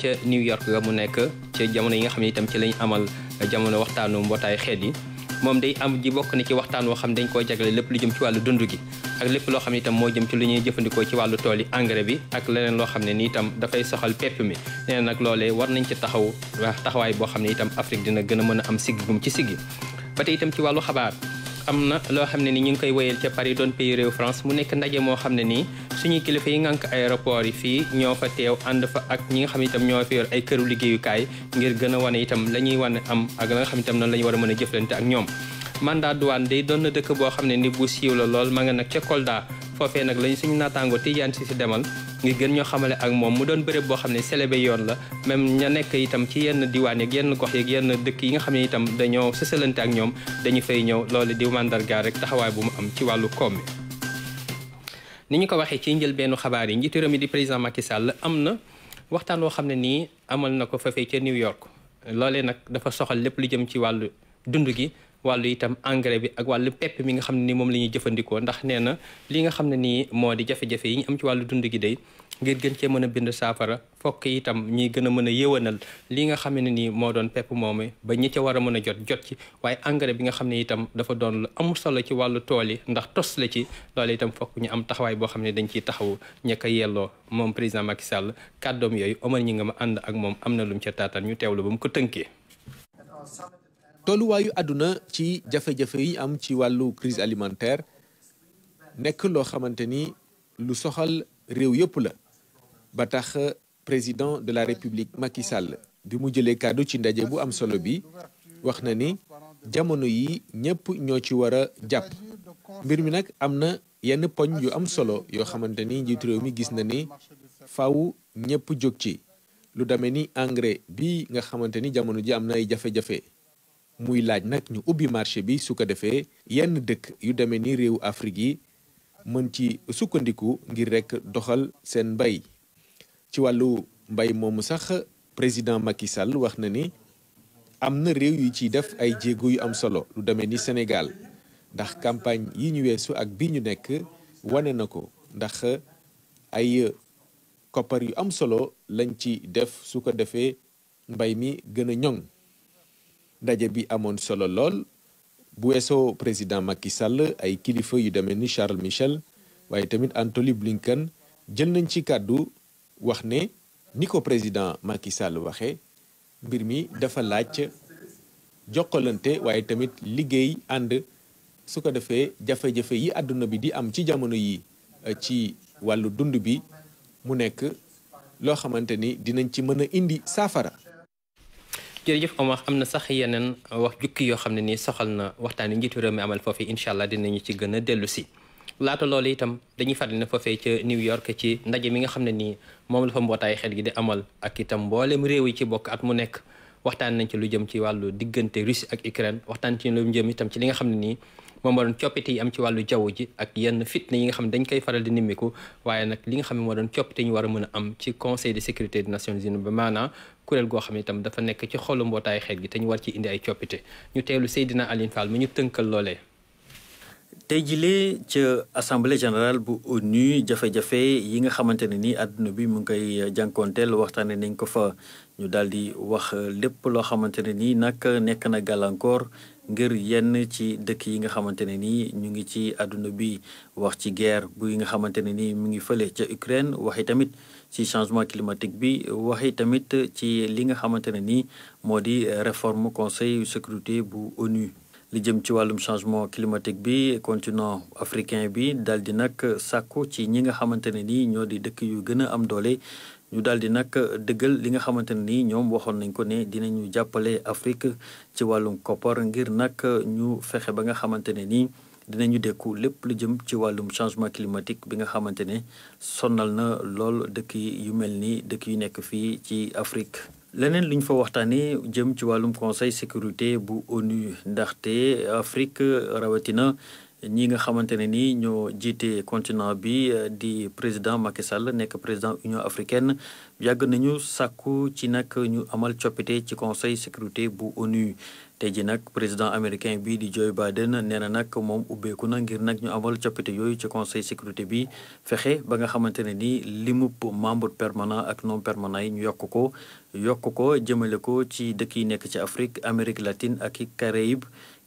ca New York ga mu nekk ca jamono yi nga xam ne itam ci lañ amal jamono waxtaanu mbootaay xeet yi moom day am ji bokk na ci waxtaan woo xam ne dañ koo jagle lépp lu jëm ci wàllu dund gi ak lépp loo xam ne itam moo jëm ci lu ñuy jëfandikoo ci wàllu tool yi engrais bi ak leneen loo xam ne ni itam dafay soxal pepp mi nee na nag loolee war nañ ci taxaw taxawaay boo xam ne itam Afrique dina gën mën a am sigg gum ci siggi ba tey itam ci wàllu xabaar am na loo xam ne ni ñu ngi koy woyal ca Paris doon pays réew France mu nekk ndaje moo xam ne nii suñuy kilifa yi ngànk aéroport yi fii ñoo fa teew ànd fa ak ñi nga xam ne itam ñoo fa yor ay këru liggéeyukaay ngir gën a wane itam la ñuy wane am ak la nga xam ne itam noonu la ñu a mën a jëflante ak ñoom mandat douane day doon na dëkk boo xam ne ni bu siiw la lool ma nag ca Kolda foofee nag lañu suñu naataango Tidiane si si demal ngir gën ñoo xamale ak moom mu doon bërëb boo xam ne célébé yoon la même ña nekk itam ci yenn diwaan yeeg yenn gox yeeg yenn dëkk yi nga xam ne itam dañoo sësalante ak dañu fay ñëw loole di mandargaal rek taxawaay bu mu am ci wàllu koom ni ñu ko waxee ci njëlbeenu xabaar yi njiitu réew mi di président Macky Sall am na waxtaan woo xam ne nii amal na ko fafee ca New York loole nag dafa soxal lépp lu jëm ci wàllu dund gi wàllu itam engrais bi ak wàllu pepp mi nga xam ne nii moom la ñuy jëfandikoo ndax nee na li nga xam ne nii moo di jafe-jafe yi ñu am ci wàllu dund gi day ngir gën cee mën a bind saafara fokk itam ñuy gën a mën a yéwanal li nga xam ne nii moo doon pepp moom ba ñi ca war a mën a jot jot ci waaye engrais bi nga xam ne itam dafa doon amu solo ci wàllu tool yi ndax tos la ci loolu itam fokk ñu am taxawaay boo xam ne dañ ciy taxaw ña ko yelloo moom président Macky Sall kàddoom yooyu Omar ñi nga ma ànd ak am na lu mu ca taataan ñu teewlu ba ko tënkee tolluwaayu àdduna ci jafe-jafe yi am ci wàllu crise alimentaire nekk loo xamante ni lu soxal réew yëpp la ba tax président de la république Macky sàll bi mu jëlee kàddu ci ndaje bu am solo bi wax na ni jamono yi ñëpp ñoo ci war a jàpp mbir mi nag am na yenn poñ yu am solo yoo xamante ni njiitu réew mi gis na ni faw ñëpp jóg ci lu demee ni engrais bi nga xamante ni jamono ji am na ay jafe-jafe muy laaj nag ñu ubbi marché bi su ko defee yenn dëkk yu demee ni réewu Afrique yi mën ci sukkandiku ngir rek doxal seen mbay ci wàllu mbay moomu sax président Macky Sall wax na ni am na réew yu ciy def ay jéego yu am solo lu demee ni Sénégal ndax campagne yi ñu weesu ak bi ñu nekk wane na ko ndax ay koppar yu am solo lañ ci def su ko defee mbay mi gën a ñoŋ ndaje bi amoon solo lool bu weesoo président Macky Sall ay kilifa yu demee ni Charles Michel waaye tamit Anthony Blinken jël nañ ci kàddu wax ne ni ko président Macky Sall waxee mbir mi dafa laaj jokkalante waaye tamit liggéey ànd su ko defee jafe-jafe yi àdduna bi di am ci jamono yi eh, ci wàllu dund bi mu nekk loo xamante ni dinañ ci mën a indi saafara. jërëjëf Omar am na sax yeneen wax jukki yoo xam ne nii soxal na waxtaan yi njiitu réew mi amal foofee incha allah dinañu ci gën a dellu si laata loolu itam dañuy fàttali ne foofee ca New York ci ndaje mi nga xam ne nii moom la fa mbootaay xel gi di amal ak itam mboolem réew yi ci bokk at mu nekk waxtaan nañ ci lu jëm ci wàllu diggante Russie ak Ukraine waxtaan ci lu jëm itam ci li nga xam ne nii moom moo doon coppite yi am ci wàllu jaww ji ak yenn fitna yi nga xam ne dañ koy faral di nimmiku waaye nag li nga xam ne moo doon coppite ñu war a mën a am ci conseil de sécurité des nations unies ba maanaa kuréel goo xam ne itam dafa nekk ci xoolu mbootaayu xeet gi te ñu war ci indi ay coppite ñu teelu Seydina Aline Fall mu ñu tënkal loole tey jilee ca assemblée générale bu ONU jafe-jafe yi nga xamante ne nii àdduna bi mu ngi koy jànkonteel waxtaane nañ ko fa ñu daal di wax lépp loo xamante ne nii nag nekk na gàllankoor ngir yenn ci dëkk yi nga xamante ne nii ñu ngi ci àdduna bi wax ci guerre bu yi nga xamante ne nii mu ngi fële ca Ukraine waxi tamit ci changement climatique bi waxi tamit ci li nga xamante ne nii moo di réforme conseil sécurité bu ONU. li jëm ci wàllum changement climatique bi continent africain bi daal di nag sàkku ci ñi nga xamante ne nii ñoo di dëkk yu gën a am doole. ñu daal di nag dëggal li nga xamante ne nii ñoom waxoon nañ ko ne dinañu jàppale Afrique ci wàllum koppar ngir nag ñu fexe ba nga xamante ne nii. dinañu dékku lépp lu jëm ci wàllum changement climatique bi nga xamante ne sonnal na lool dëkk yu mel ni dëkk yu nekk fii ci Afrique. leneen lu ñu fa waxtaanee jëm ci wàllum conseil sécurité bu ONU ndaxte Afrique rawatina. ñi nga xamante ne ni ñoo jiite continent bi euh, di président Macky Sall nekk président Union africaine yàgg nañu sàkku ci nag ñu amal coppite ci conseil sécurité bu ONU tey ji nag président américain bi di Joe Biden nee na nag moom ubbeeku na ngir nag ñu amal coppite yooyu ci conseil sécurité bi fexe ba nga xamante ne ni limub membre permanent ak non permanent yi ñu yokk ko yokk ko jëmale ko ci dëkk yi nekk ci Afrique Amérique latine ak Caraïbes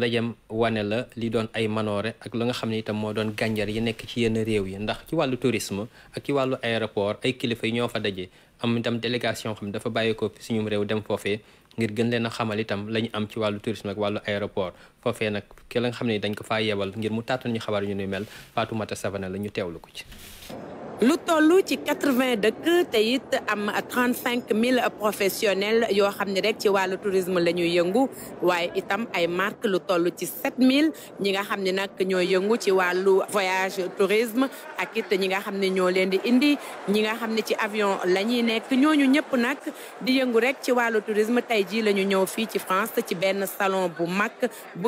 dajam wane la li doon ay manoore ak la nga xam ne itam moo doon gànjar yi nekk ci yenn réew yi ndax ci wàllu tourisme ak ci wàllu aéroport ay kilifa yi ñoo fa daje am itam délégation xam dafa bàyyeekoo fi suñu réew dem foofee ngir gën leen a xamal itam lañu am ci wàllu tourisme ak wàllu aéroport foofee nag ki la xam ne dañ ko faa yebal ngir mu taatan ñu xabaar yu ñuy mel Fatoumata Savana la ñu teewlu ko ci. lu toll ci quatre-vingts dëkk te it am trente-cinq mille professionnels yoo xam ne rek ci wàllu tourisme la ñuy yëngu waaye itam ay marque lu toll ci sept mille ñi nga xam ne nag ñooy yëngu ci wàllu voyage tourisme ak it ñi nga xam ne ñoo leen di indi ñi nga xam ne ci avion la ñuy nekk ñooñu ñëpp nag di yëngu rek ci wàllu tourisme tey jii la ñu ñëw fii ci France ci benn salon bu mag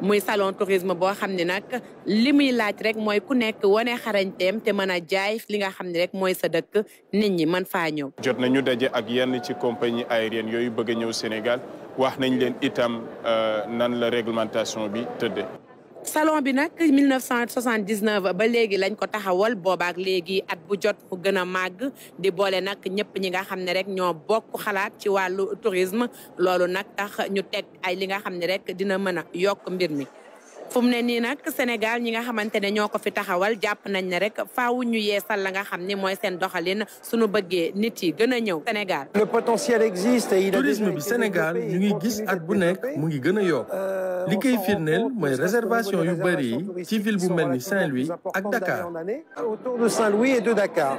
muy salon tourisme boo xam ne nag li muy laaj rek mooy ku nekk wane xarañteem te mën a jaay li nga xam ne rek mooy sa dëkk nit ñi mën faa ñëw. jot nañu daje ak yenn ci compagnie aérienne yooyu bëgg a ñëw Sénégal wax nañ leen itam euh, nan la réglementation bi tëddee. salon bi nag 1979 ba léegi lañ ko taxawal boobaak léegi at bu jot mu gën a màgg di boole nag ñëpp ñi nga xam ne rek ñoo bokk xalaat ci wàllu tourisme loolu nag tax ñu teg ay li nga xam ne rek dina mën a yokk mbir mi fu ni nak nii Sénégal ñi nga xamantene ne ko fi taxawal japp nañ ne rek faaw ñu yéssal la nga xamni moy mooy seen doxalin suñu bëggé nit yi gëna ñëw Sénégal. le potentiel existe et il tourisme bi Sénégal ñu ngi gis at bu nekk mu ngi gëna a yokk euh, li koy firndeel mooy réservation yu bari ci ville bu melni Saint-Louis ak Dakar. autour de Saint-Louis et de Dakar.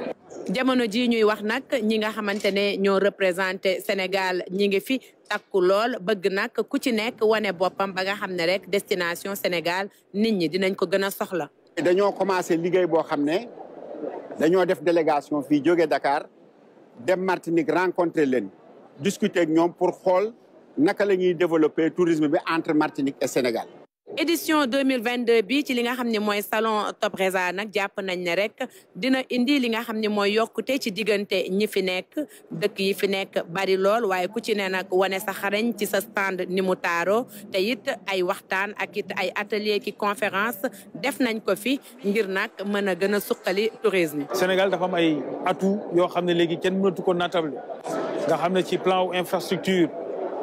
jamono jii ñuy wax nak ñi nga xamantene ne ñoo représenté Sénégal ñi ngi fi takku lool bëgg nag ku ci nekk wane boppam ba nga xam ne rek destination Sénégal nit ñi dinañ ko gën a soxla. dañoo commencé liggéey boo xam ne dañoo def délégation fii jóge Dakar dem Martinique rencontré leen discuter ak ñoom pour xool naka la ñuy développer tourisme bi entre Martinique et Sénégal édition 2022 bi ci li nga xamné moy salon top Topresa nak japp nañ ne rek dina indi li nga xamné moy mooy yokkute ci digënté ñi fi nekk dëkk yi fi nekk bari lool waye ku ci ne nag wane sa xarañ ci sa stand ni mu taaro te it ay waxtaan ak yitt ay atelier ki conférence def nañ ko fi ngir nak mëna gëna gën tourisme. Sénégal dafa am ay atout yo xamné légui léegi kenn mënatu ko naatable nga xamné ci plan infrastructure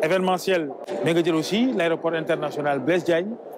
événementiel mais nga jël aussi l'aéroport international Blaise Diagne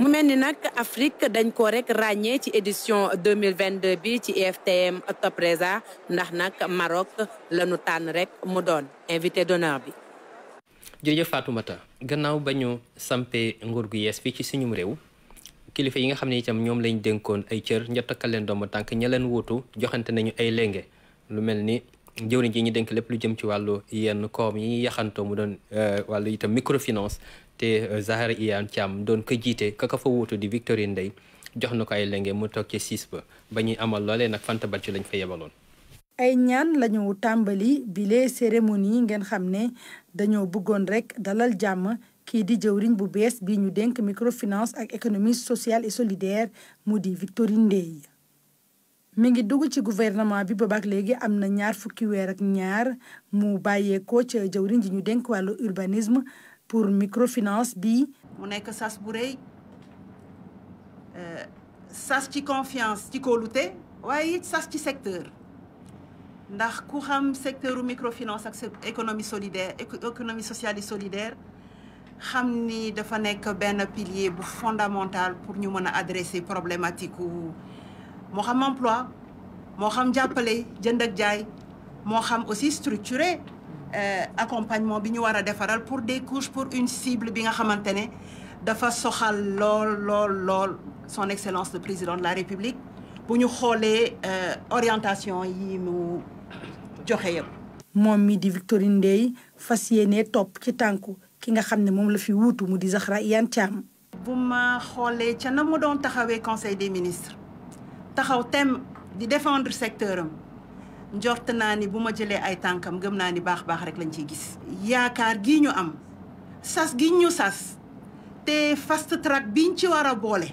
mu mel ni Afrique dañ ko rek ràññee ci édition 2022 bi ci e Top Topresa ndax nak Maroc la ñu tànn rek mu don invité d'honneur bi. jërëjëf Fatoumata gannaaw bañu sampé sampee nguur gu yees bi ci suñum réew kilifa yi nga xamné itam ñom lañ dénkoon ay cër njottaka kalen dom tank ña wotu wuutu joxante nañu ay lenge lu melni ni ji dénk lepp lu jëm ci walu yenn koom yi yaxanto mu doon euh, walu itam microfinance te euh, Zahra Iyane Thiam doon ko jiite kaka fa wuutu di Victorine Ndeye jox na ko ay lenge mu toog ci siis ba ba amal loolee nag Fanta Bacci lañ fa yebaloon. ay ñaan lañu tàmbali bile cérémonie ngeen xam ne dañoo bëggoon rek dalal jàmm kii di jëwriñ bu bees bi ñu dénk microfinance ak économie sociale et solidaire mu di Victorine Ndeye. mu ngi dugg ci gouvernement bi boobaak léegi am na ñaar fukki weer ak ñaar mu bàyyeekoo ca jëwriñ ji ñu dénk wàllu urbanisme. pour microfinance bi mu nek sas bu rëy euh, sas ci confiance ci kóolute waaye ça sas ci secteur ndax ku xam secteur microfinance ak économie solidaire économie sociale et solidaire xam ni dafa nek ben pilier bu fondamental pour ñu mëna adresser problématique wu moo xam emploi mo xam jàppale jënd ak jaay moo xam aussi structuré euh, accompagnement bi ñu war pour des couches pour une cible bi nga xamantene dafa soxal lol lol lol son excellence le président de la république pour ñu xoolee euh, orientation yi mu joxé yëpp. mom mi di Victorine ndey fas top ci tànku ki nga xam mom la fi wuutu mu di Zahra Iyane Thiam. bu ma xolé ca na mu doon conseil des ministres taxaw thème di défendre secteur njort naa ni bu ma jëlee ay tànkam gëm naa ni baax baax rek lañ ciy gis. yaakaar gi ñu am sas gi ñu sas te fast track biñ ci war a boole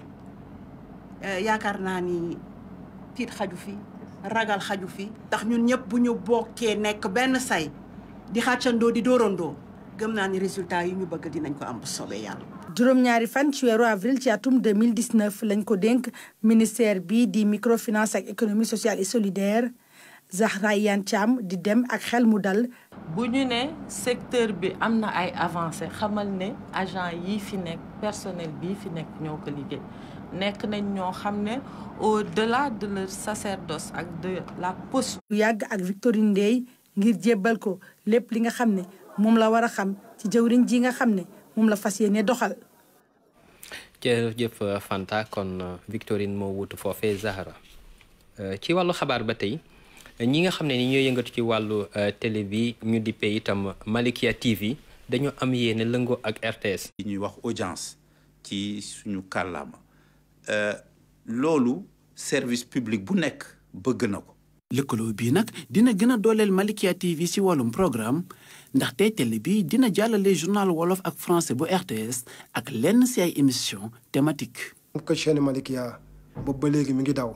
eh, yaakaar naa ni tiit xaju fi ragal xaju fi. ndax ñun ñëpp bu ñu bokkee nekk benn say di xàccandoo di dóorandoo gëm naa ni résultat yi ñu bëgg dinañ ko am bu soobee yàlla. juróom-ñaari fan ci weeru avril ci atum 2019 lañ ko dénk ministère bi di microfinance ak économie sociale et solidaire Zahra Iyane di dem ak xel mu dal. bu ñu ne secteur bi amna ay avancé xamal ne agent yi fi nek personnel bi fi nek ñoo ko liggéey nañ ñoo xamné au delà de leur sacerdoce ak de la poste. bu yàgg ak Victorine Ndeye ngir jébbal ko lépp li nga xamné mom la wara xam ci jëwriñ ji nga xamné mom la fas yéene doxal. jërëjëf Fanta kon Victorine mo wutu fofé Zahra euh, ci walu xabar ba ñi nga xam ne ni ñooy yëngatu ci wàllu euh, télé bi ñu dippee itam Malikia TV dañoo am yéene lëngoo ak RTS. ñuy wax audience ci suñu kàllaama euh, loolu service public bu nekk bëgg na ko. lëkkaloo bii nag dina gën a dooleel Malikia TV ci wàllum programme ndaxte télé bi dina jàllale journal wolof ak français bu RTS ak lenn ci ay émission thématique. comme que chaîne Malikia boobu ba léegi mi ngi daw.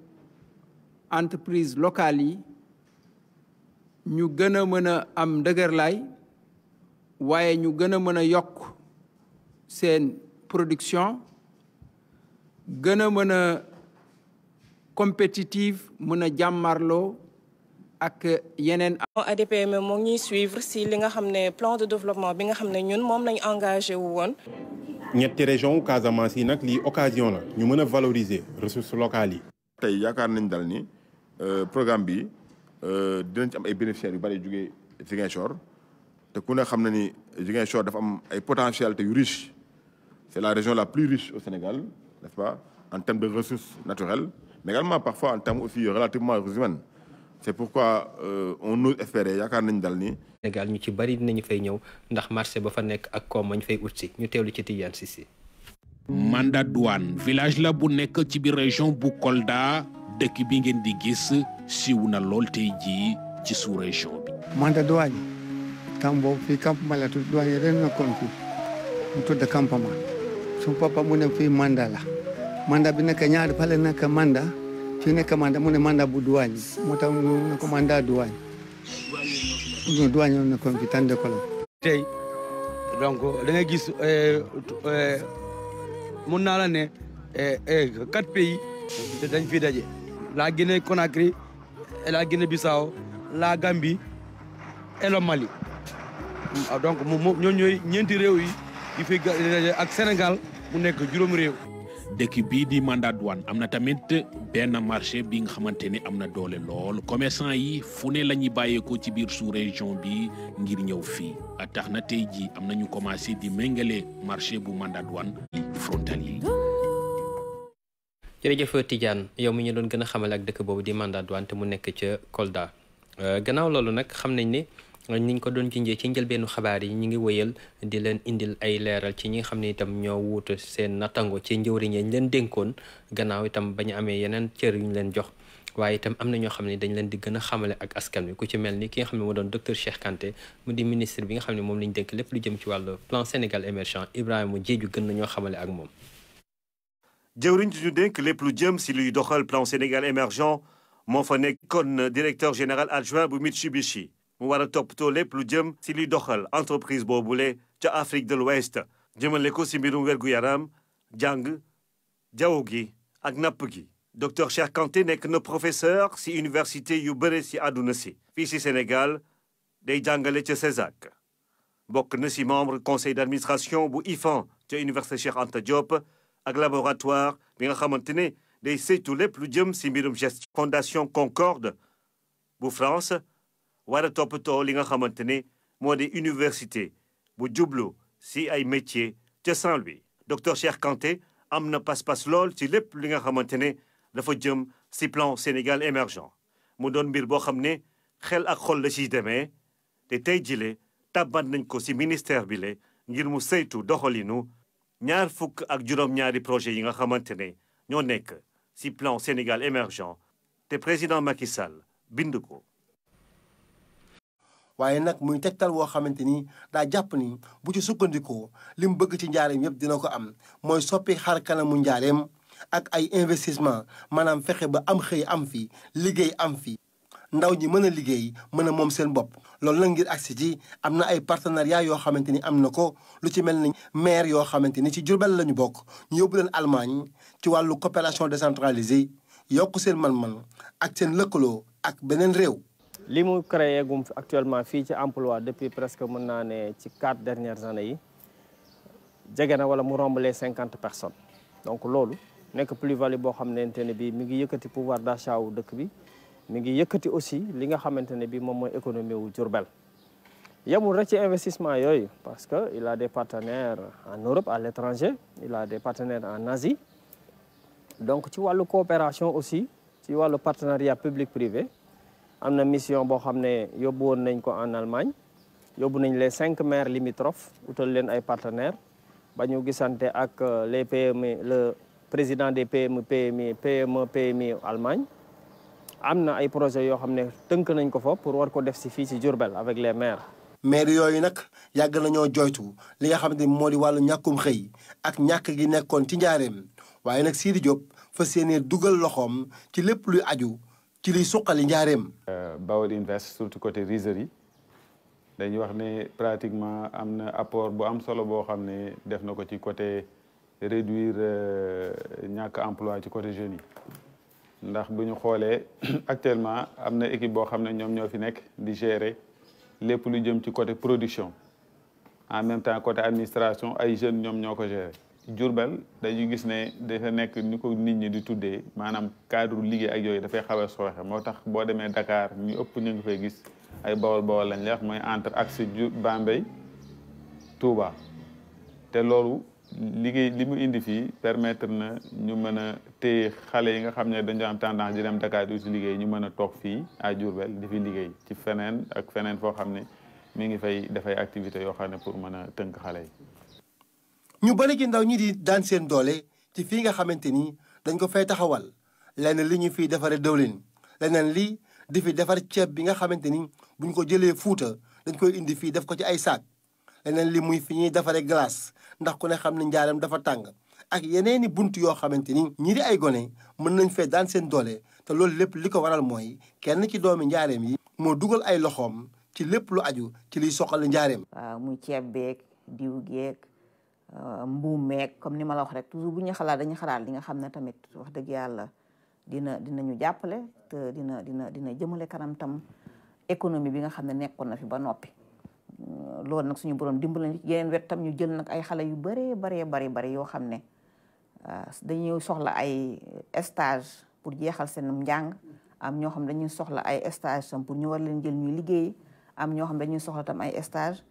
entreprise locale nous ñu ñu production gëna mëna compétitive mëna ak ngi suivre si li plan de développement bi nga engagé wu won ñetti région Casamance occasion valoriser ressources locales yi. nañ euh, programme bi euh, dinañ ci am ay bénéficiaires yu bëri jugee Ziguinchor te ku ne xam na ni Ziguinchor dafa am ay potentialité yu riche c'est la région la plus riche au Sénégal n'est-ce pas en termes de ressources naturelles mais également parfois en termes aussi relativement humaines c'est pourquoi euh, on ose espérer yakar nañ dal ni. Sénégal ñu ci bari dinañ fay ñew ndax marché ba fa nek ak koom mañ fay ut ñu teewlu ci Tidiane mandat Douane, village la bu nek ci bi région bu Kolda. dëkk bi ngeen di gis siiw na lool tey ji ci sous région bi. manda douane temps boobu fii campement la tudd douane ren nekkoon fii mu tudd campement su papa mu ne fii manda la manda bi nekk ñaari fale nekk manda fii nekk manda mu ne manda bu douane moo tax ñu ne ko manda douane ñu douane ñu nekkoon fii tey donc da nga gis euh, euh, mun naa la ne euh, quatre pays dañ fi daje. la Guinée-Conakry, et la Guinée-Bissau, la Gambie et le ah, donc moom ñoo ñeenti réew yi di fi ak Sénégal mu nekk juróom réew. dëkk bii di mandat douane am na tamit benn marché bi nga xamante ni am na doole lool commerçant yi fu ne la ñuy bàyyeekoo ci biir sous région bi ngir ñëw fi tax na tey jii am na ñu commencé di méngale marché bu mandat douane jërëjëf Tidiane yow mu ñu doon gën a xamal ak dëkk boobu di mandat wante mu nekk ca Kolda euh, gannaaw loolu nag xam nañ ne euh, niñ ko doon jinjee ci njëlbeenu xabaar yi ñu ngi wëyal di leen indil ay leeral ci ñi nga xam ne itam ñoo wuutu seen nattango ci njëwriñ ñu leen dénkoon gannaaw itam ba ñu amee yeneen cër yu ñu leen jox waaye itam am na ñoo xam ne dañ leen di gën a xamale ak askan wi ku ci mel ni ki nga xam ne moo doon docteur Cheikh Kanté mu di bi nga xam ne moom lañ dénk lépp lu jëm ci wàllu Sénégal émergent Ibrahima Diédhiou gën nañoo xamale ak moom jëwriñ ju ñu les lépp lu jëm si luy doxal plan Sénégal émergent moo fa nekkoon directeur général adjoint bu Mitsubishi mu war a toppatoo lépp lu jëm si luy doxal entreprise boobule ca Afrique de l'Ouest jëmale ko si mbirum wér-gu-yaram jàng jaww gi ak napp gi docteur Cheikh Kanté nekk na professeur si université yu bëre si àdduna si fii si Sénégal day jàngale ca CESAC bokk na si membre conseil d'administration bu IFAN ca université Cheikh Anta Diop ak laboratoire bi nga xamante ne day saytu lépp lu jëm si mbirum fondation Concorde bu France war a toppatoo li nga xamante ne moo di université bu jublu si ay métier ca Saint-Louis docteur Cheikh Kanté am na pas-pas lool ci lépp li nga xamante ne dafa jëm si plan Sénégal émergent mu doon mbir boo xam ne xel ak xol la ci demee te tey jile tàbbat nañ ko si ministère bi le ngir mu seytu doxalinu ñaar fukk ak juróom-ñaari projet yi nga xamante ne ñoo nekk si plan Sénégal émergent te président Macky Sall bind ko. waaye nag muy tegtal woo xamante ni daa jàpp ni bu ci sukkandikoo li mu bëgg ci njaareem yëpp dina ko am mooy soppi xar kanamu njaareem ak ay investissement maanaam fexe ba am xëy am fi liggéey am fi ndaw ñi mën a liggéey mën a moom seen bopp loolu nag ngir agsi ci am na ay partenariat yoo xamante ni am na ko lu ci mel ni maire yoo xamante ni ci Jurbel la ñu bokk ñu leen Allemagne ci wàllu coopération décentralisée yokk seen man-man ak lëkkaloo ak beneen réew li mu créé gum actuellement fii ci emploi depuis presque mën naa ne ci quatre dernières années yi jege na wala mu les cinquante personnes donc loolu nekk plus boo xam ne ne bii mi ngi yëkkati pouvoir d'achat dëkk bi mingi y a aussi li nga xamante ne bi moom mooy économie wu Diourbel yemul rek ci investissement parce que il a des partenaires en Europe à l'étranger il a des partenaires en Asie donc vois la coopération aussi vois le partenariat public privé On a mission bo xam en Allemagne yobu nañ les cinq maires limitrophes utal leen ay partenaires ba ñu gisante ak euh, les PME le président des PME PME PME PME Allemagne amna ay projets yo xamné teunk nañ ko fa pour war ko def ci fi ci Djourbel avec les maires. maire yoyu nak yag nañoo joytu li nga xamné modi walu ñakum xey ak ñak gi nekkon ci njaareem waye nak Sidi job fas dugal ci lepp luy aju ci liy suqali njaareem. Euh, Baol Invest surtout côté rizerie dañuy wax né pratiquement amna apport bu am solo bo xamné def nako ci côté réduire euh, ñak emploi ci côté jeunes ndax buñu ñu xoolee actuellement am na équipe boo xam ne ñoom ñoo fi nekk di gérer lépp lu jëm ci côté production en même temps côté administration ay jeunes ñoom ñoo ko gérer. jurbel dañu gis ne dafa nekk ni ko nit ñi di tuddee maanaam cadre liggéey ak yooyu dafay xaw a sooxe moo tax boo demee Dakar ñu ëpp ñu ngi fay gis ay bawol bawol lañ leex mooy entre axe ju Bambey Touba te loolu. liggéey li mu indi fii permettre na ñu mën a te xale yi nga xam ne dañu am tendance di dem daka di liggéey ñu mën a toog fii à Diourbel di fi liggéey ci feneen ak feneen foo xam ne mu ngi fay dafay activité yoo xam ne pour mën a tënk xale yi. ñu bëri ndaw ñi di daan doole ci fii nga xamante ni dañ ko fay taxawal lenn li ñu fiy defaree dëwlin leneen li di fi defar ceeb bi nga xamante ni bu ñu ko jëlee fuuta dañ koy indi fii def ko ci ay saak leneen li muy fi ñuy defaree glace. ndax ku ne xam ne njaareem dafa tàng ak yeneeni bunt yoo xamante ni ñi ay gone mën nañ fee daan seen doole te loolu lépp li ko waral mooy kenn ci doomi njaareem yi moo dugal ay loxoom ci lépp lu aju ci luy soxal njaareem waaw muy ceeb beeg diw geeg euh, mbuum meeg comme ni ma la wax rek bu ñu xalaat dañu xalaat li nga xam ne tamit wax dëgg yàlla dina dinañu jàppale te dina dina dina jëmale kanam tam économie bi nga xam ne nekkoon na fi ba noppi loolu nag suñu borom dimbal nañu yeneen tam ñu jël nag ay xale yu bëree bare bari bari yoo xam ne ah, dañuy soxla ay stage pour jeexal seen njàng am ñoo xam dañuy soxla ay stage tam pour ñu war leen jël ñuy liggéey am ñoo xam dañuy soxla tam ay stage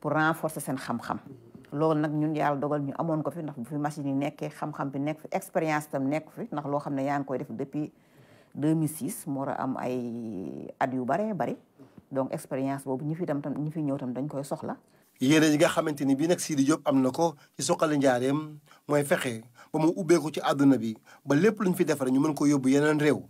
pour renforcer seen xam-xam loolu nag ñun yàlla dogal ñu amoon ko fi ndax bu fi machine yi nekkee xam-xam bi nekk fi expérience tam nekk fi ndax loo xam ne yaa ngi koy def depuis 2006 moo war a am ay at yu baree bari donc expérience boobu ñi fi dem tam ñi fi ñëw tam dañ koy soxla. yéene yi nga xamante ni bii nag Sidi Diop am na ko ci Suqali Njaareem mooy fexe ba mu ubbeeku ci àdduna bi ba lépp luñ fi defar ñu mën ko yóbbu yeneen réew.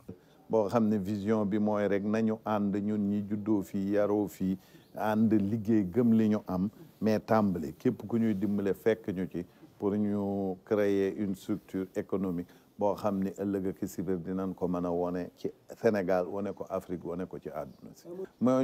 boo xam ne vision bi mooy rek nañu ànd ñun ñi juddoo fii yaroo fii ànd liggéey gëm li ñu am mais tàmbali képp ku ñuy dimbale fekk ñu ci pour ñu créer une structure économique. boo xam ni ëllëg ak si biir dinañ ko mën a wone ci Sénégal wone ko Afrique wone ko ci àdduna si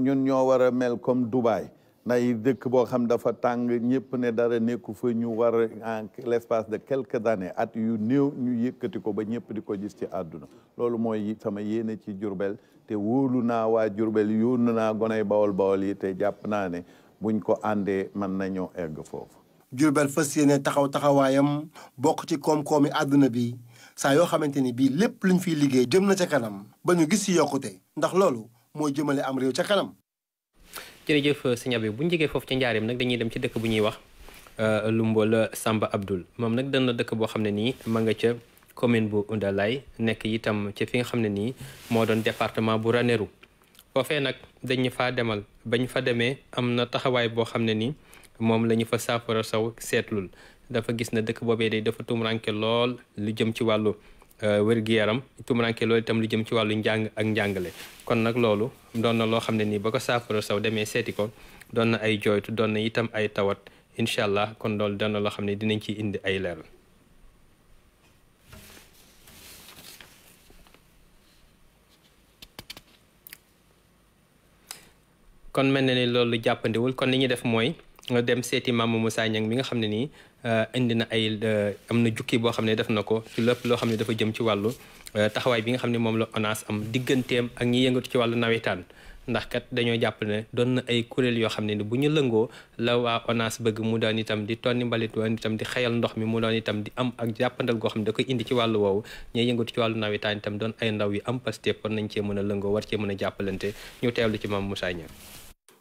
ñun ñoo war a mel comme dubaay nay dëkk boo xam dafa tàng ñëpp ne dara nekku fa ñu war en l'espace de quelques années at yu néew ñu yëkkati ko ba ñëpp di ko gis ci àdduna loolu mooy sama yéene ci Jurbel te wóolu naa waa Jurbel yóonu naa gonay bawol bawol yi te jàpp naa ne buñ ko àndee mën nañoo egg foofu Jurbel fas yéene taxaw taxawaayam bokk ci koom-koomi àdduna bi saa yoo xamante ni bii lépp luñ fiy liggéey jëm na ca kanam ba ñu gis si yokkute ndax loolu mooy jëmale am réew ca kanam. jërëjëf sëñ Abe bu ñu foofu ca njaareem nag dañuy dem ci dëkk bu ñuy wax euh, Lumbol Samba Abdul moom nag dana dëkk boo xam ne nii ma nga ca commune bu Ndalaay nekk itam ci fi nga xam ne nii moo doon département bu Ranérou foofee nag dañu faa demal bañ fa demee am na taxawaay boo xam ne nii moom la ñu fa saafara saw seetlul dafa gis ne dëkk boobee day dafa tumuranke lool lu jëm ci wàllu euh, wér-gu-yaram tumuranke loolu itam lu jëm ci wàllu njàng ak njàngale kon nag loolu doon na loo xam ne nii ba ko saafara saw demee seeti ko doon na ay jooytu doon na itam ay tawat incha allah kon loolu doon na loo xam ne dinañ ci indi ay leeral kon mel na ni loolu jàppandiwul kon li ñu def mooy dem seeti Mame Moussa Niang mi nga xam ne nii Euh, indi na ay euh, am na jukki boo xam ne def na ko ci lépp loo xam ne dafa jëm ci wàllu euh, taxawaay bi nga xam ne moom la ONAS am digganteem ak ñi yëngatu ci wàllu nawetaan ndax kat dañoo jàpp ne doon na ay kuréel yoo xam ne ni bu ñu lëngoo la waa ONAS mu doon itam di tonni mbalit doon di xayal ndox mi mu doon itam di am ak jàppandal goo xam ne da koy indi wàllu woowu yëngatu ci wàllu nawetaan itam doon ay ndaw yu am Pastef war nañ cee mën a lëngoo war cee mën a jàppalante ñu teewlu ci Mame Moussa Niang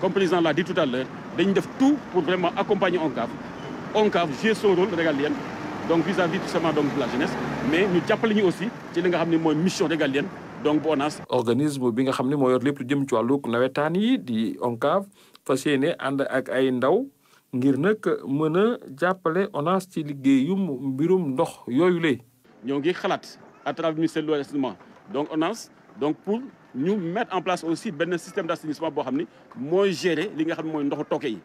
comme le président l'a dit tout à l'heure, nous faisons tout pour vraiment accompagner ONCAV. ONCAV joue son rôle régalien, donc vis-à-vis tout simplement donc, de la jeunesse, mais nous appelons aussi ci li nga nous ne mission régalienne donc bu ONAS. organisme bi nga xam ne moo yor lépp lu jëm ci wàllu nawetaan yi di ONCAV fas yéene ak ay ndaw ngir nak mën jappalé ONAS ci liggéeyum mbirum ndox yoyulé la. ñoo ngi à travers ministère de l'assainissement donc ONAS donc pour ñu mettre en place aussi benn système d'assainissement assainissement boo xam gérer li nga xam ne mooy ndoxu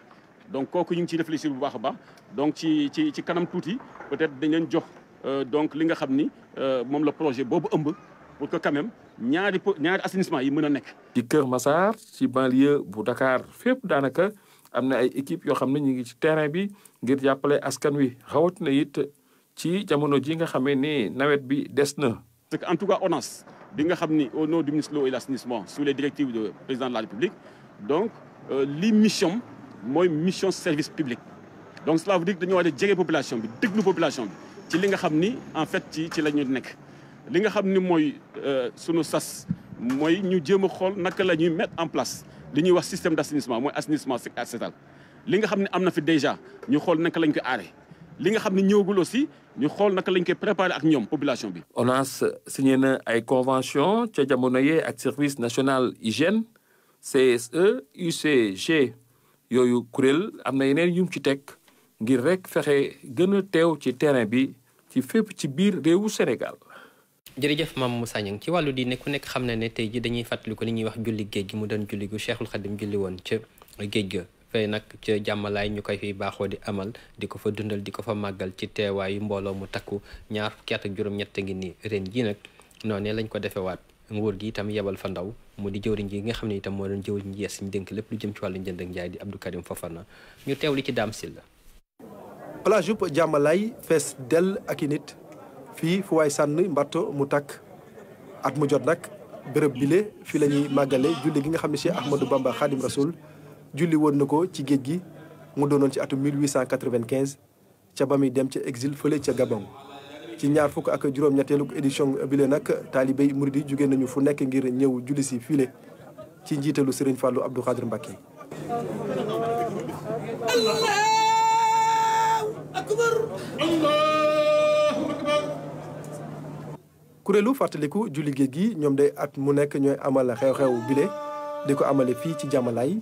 donc kooku ñu ngi ciy réfléchir bu baax a baax donc ci ci ci kanam tuuti peut-être dañ leen jox euh, donc li nga xam ni euh, moom la projet boobu ëmb pour que quand même ñaari ñaari assainissement yi mën a nekk. ci Kër Massar ci banlieue bu Dakar fépp daanaka am na ay équipe yoo xam ne ci terrain bi ngir jàppale askan wi rawatina it ci jamono ji nga xamee ni nawet bi des na. parce que en tout cas ONAS bi nga au nom du ministre de l'eau et de l'assainissement sous les directives du président de la République donc euh, li mission mooy mission service public donc cela veut dire que nous war gérer la population bi la population bi ci li nga en fait c'est ci que nous li nga xam ni mooy euh, sunu sas mooy ñu mettre en place le système d'assainissement, l'assainissement, assainissement sec et setal li nga déjà nous xool naka lañ ko li nga xam ne ñëwagul aussi ñu xool naka lañ koy préparer ak ñoom population bi. ONAS signé na ay convention ca jamono yee ak service national hygiène CSE UCG yooyu kuréel am na yeneen yum ci teg ngir rek fexe gën a teew ci terrain bi ci fépp ci biir réewu Sénégal. jërëjëf Mame Moussa Niang ci wàllu diine ku nekk xam na ne tey ji dañuy fàttaliku li ñuy wax julli géej gi mu doon julli gu Cheikhul Khadim julli woon ca géej ga. fay nag ca jàmmalaay ñu koy fiy baaxoo di amal di ko fa dundal di ko fa màggal ci teewaayu mbooloo mu takku ñaar fukki at ak juróom-ñett ngi nii ren jii nag noonee lañ ko defewaat nguur gi itam yebal fa ndaw mu di jëwriñ ji nga xam ne itam moo doon jëwriñ ji yees ñu lu jëm ci wàllu njënd ak njaay di Abdou Karim Fofana ñu teew li ci Dame Sylla plage ub jàmmalaay fees dell ak i nit fii fu waay sànn mbatto mu takk at mu jot nag bërëb bile fii la ñuy màggale julli gi nga xam ne Cheikh Ahmadou Bamba Khadim Rasoul julli woon na ko ci géej gi mu doonoon ci atum 1895 ca ba muy dem ca exil fële ca Gabon ci ñaar fukk ak juróom-ñetteelu édition bile nag taalibey murid yi jóge nañu fu nekk ngir ñëw julli si file ci njiitalu Serigne Fallou Abdou Khadr Mbacké kuréelu fàttaliku julli géej gi ñoom day at mu nekk ñooy amal xew-xew bile di ko amale fii ci jàmmalaay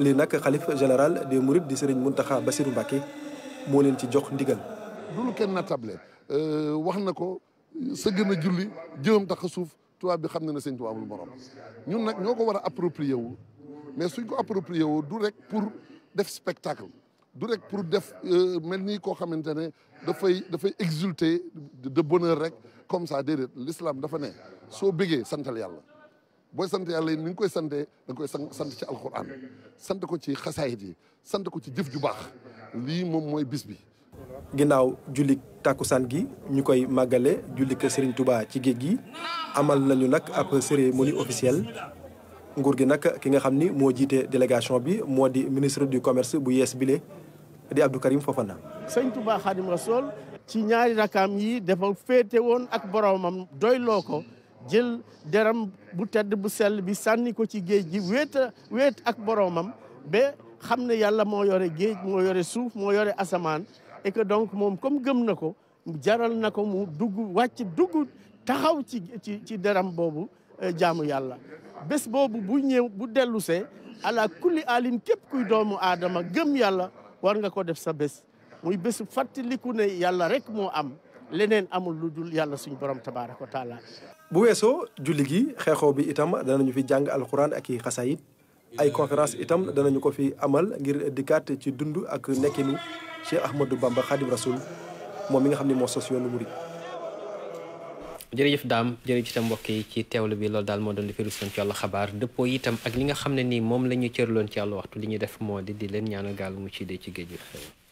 li nag xalif général des Mourides di Serigne Mountakha Bassirou Mbacké moo leen ci jox ndigal. du lu kenn na table euh, wax na ko sa gën a julli jëwam tax suuf tubaab bi xam na ne sëñ tubaab amul morom ñun nag ñoo ko war a approprier wu mais suñ ko approprier wu du rek pour def spectacle du rek pour def euh, mel ni koo xamante ne dafay dafay exulter de bonheur rek comme ça déedéet l'islam dafa ne soo bëggee santal yàlla. booy sant yàlla yi ni nga koy santee da nga koy sant ci alquran sant ko ci xasaayit yi sante ko ci jëf ju baax lii moom mooy bis bi ginnaaw julli tàkkusaan gi ñu koy màggale julli kër Serigne Touba ci géej gi amal nañu nag ab cérémonie officielle nguur gi nag ki nga xam ni moo jiite délégation bi moo di ministre du commerce bu yees bile di Abdou Karim Fofana. Sëñ Touba Khadim sol ci ñaari rakam yi dafa féete woon ak boromam doyloo ko. jël deram bu tedd bu sell bi sànni ko ci géej gi wéet a ak boromam ba xam ne yàlla moo yore géej moo yore suuf moo yore asamaan et que donc moom comme gëm na ko jaral na ko mu dugg wàcc dugg taxaw ci ci ci deram boobu euh, jaamu yàlla bés boobu bu ñëw bu dellusee ala kulli alin képp kuy doomu aadama gëm yàlla war nga ko def sa bés muy bés fàttaliku ne yàlla rek moo am leneen amul lu dul yàlla suñu borom tabaaraka wa taala bu weesoo julli gi xeexoo bi itam danañu fi jàng alxuraan ak i xasaayit ay conférence itam danañu ko fi amal ngir di dikkaat ci dund ak nekkinu Cheikh Ahmadou Bamba Khadim Rasoul moom mi nga xam ne moo sos yoonu murid jërëjëf daam jërëjëf itam mbokk ci teewlu bi loolu daal moo doon di firusoon ci wàllu xabaar dëppoo itam ak li nga xam ne nii moom la ñu cërloon ci wàllu waxtu li ñu def moo di di leen ñaanal gaal mu ci dee ci géej gi